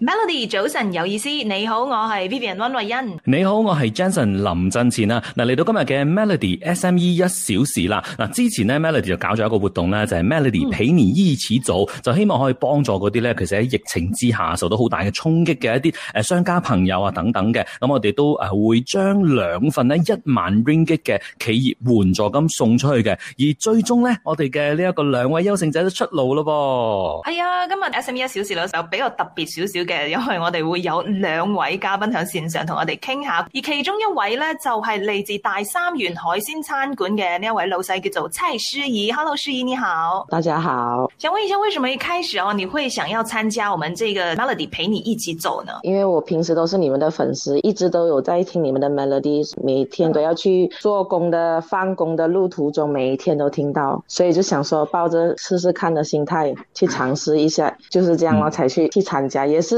Melody 早晨有意思，你好，我係 Vivian 溫慧欣。你好，我係 Janson 林振前啊。嗱嚟到今日嘅 Melody SME 一小時啦。嗱之前咧，Melody 就搞咗一個活動咧，就係、是、Melody 陪你疫企走，嗯、就希望可以幫助嗰啲咧，其實喺疫情之下受到好大嘅衝擊嘅一啲誒商家朋友啊等等嘅。咁我哋都誒會將兩份呢一萬 ringgit 嘅企業援助金送出去嘅。而最終咧，我哋嘅呢一個兩位優勝者都出爐咯噃。係啊、哎，今日 SME 一小時咧就比較特別少少。嘅，因為我哋會有兩位嘉賓喺線上同我哋傾下，而其中一位呢，就係嚟自大三元海鮮餐館嘅呢一位老細叫做蔡詩儀。Hello，詩儀你好，大家好。想問一下，為什麼一開始哦，你會想要參加我們這個 Melody 陪你疫企走呢？因為我平時都是你們的粉絲，一直都有在聽你們的 Melody，每天都要去做工的、放工的路途中，每一天都聽到，所以就想說，抱着試試看的心態去嘗試一下，就是這樣咯，才去、嗯、去參加，也是。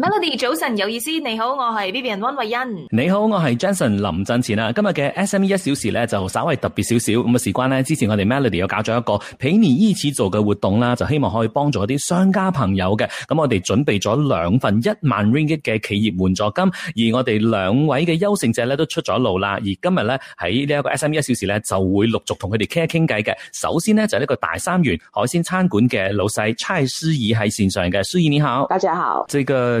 Melody 早晨，有意思，你好，我係 Vivian 溫慧欣。你好，我係 Johnson 林振前啦，啊。今日嘅 S M E 一小時咧就稍微特別點點為特別少少，咁啊事關咧之前我哋 Melody 又搞咗一個陪你疫企走嘅活動啦，就希望可以幫助一啲商家朋友嘅。咁我哋準備咗兩份一萬 ringgit 嘅企業援助金，而我哋兩位嘅優勝者咧都出咗爐啦。而今日咧喺呢一個 S M E 一小時咧就會陸續同佢哋傾一傾偈嘅。首先呢，就呢，是，個大三元海鮮餐館嘅老細蔡詩爾喺線上嘅，詩爾你好，大家好，呢，這個。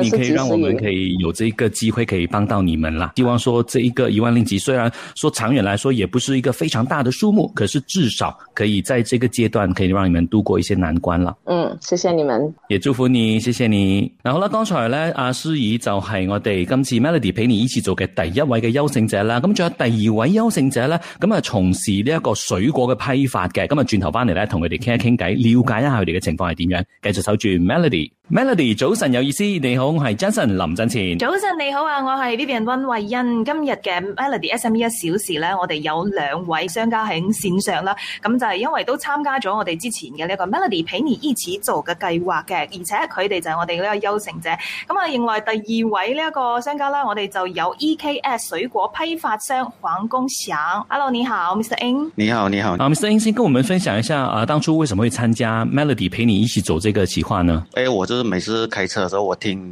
你可以讓我們可以有這一個機會可以幫到你們啦。希望說這一個一萬令吉雖然說長遠來說也不是一個非常大的數目，可是至少可以在這個階段可以讓你們度過一些難關啦。嗯，謝謝你們，也祝福你，謝謝你。然後呢，剛才呢，阿思怡就係我哋今次 Melody 陪你疫企走嘅第一位嘅優勝者啦。咁、嗯、仲有第二位優勝者呢？咁啊從事呢一個水果嘅批發嘅，咁啊轉頭翻嚟咧同佢哋傾一傾偈，了解一下佢哋嘅情況係點樣。繼續守住 Melody，Melody Mel 早晨有意思，你好。好，我係 Jason 林振前。早晨你好啊，我係 Vivian 溫慧欣。今日嘅 Melody SME 一小時咧，我哋有兩位商家喺線上啦。咁就係因為都參加咗我哋之前嘅呢個 Melody 陪你一起做嘅計劃嘅，而且佢哋就係我哋呢個優勝者。咁啊，另外第二位呢一個商家咧，我哋就有 EKS 水果批發商黃工祥。Hello，你好，Mr. In。你好，你好。阿、啊、Mr. In 先跟我們分享一下啊，當初為什麼會參加 Melody 陪你一起走這個計劃呢？誒、欸，我就是每次開車嘅時候，我聽。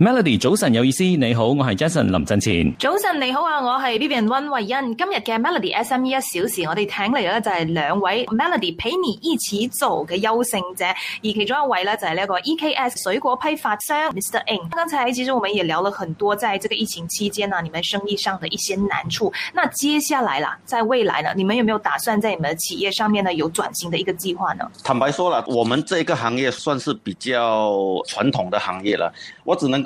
Melody，早晨有意思，你好，我係 Jason 林振前。早晨你好啊，我係 Vivian 溫慧欣。今日嘅 Melody SME 一小時，我哋請嚟嘅就係兩位 Melody 陪你疫企走嘅優勝者，而其中一位咧就係、是、呢個 EKS 水果批發商 Mr. In。剛才其實我們也聊了很多，在這個疫情期間啊，你們生意上的一些難處。那接下來啦，在未來呢，你們有沒有打算在你們企業上面呢，有轉型的一個計劃呢？坦白說了，我們這個行業算是比較傳統的行業啦，我只能。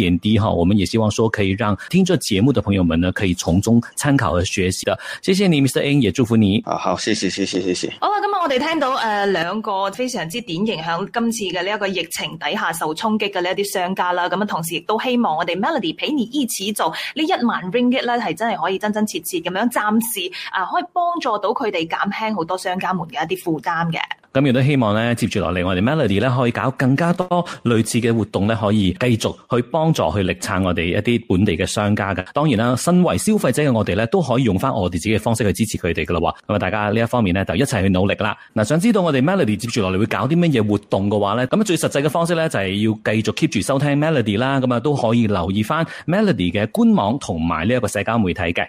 點滴哈，我們也希望說可以讓聽這節目的朋友們呢，可以從中參考和學習的。謝謝你，Mr. A，也祝福你。啊，好，謝謝，謝謝，謝謝。好啦，今日我哋聽到誒、呃、兩個非常之典型喺今次嘅呢一個疫情底下受衝擊嘅呢一啲商家啦，咁啊，同時亦都希望我哋 Melody 陪你疫企走做呢一萬 Ringgit 咧，係真係可以真真切切咁樣暫時啊，可以幫助到佢哋減輕好多商家們嘅一啲負擔嘅。咁亦都希望咧，接住落嚟我哋 Melody 咧，可以搞更加多類似嘅活動咧，可以繼續去幫助去力撐我哋一啲本地嘅商家嘅。當然啦，身為消費者嘅我哋咧，都可以用返我哋自己嘅方式去支持佢哋㗎喇喎。咁大家呢一方面咧，就一齊去努力啦。想知道我哋 Melody 接住落嚟會搞啲乜嘢活動嘅話咧，咁最實際嘅方式咧，就係要繼續 keep 住收聽 Melody 啦。咁啊，都可以留意返 Melody 嘅官網同埋呢一個社交媒體嘅。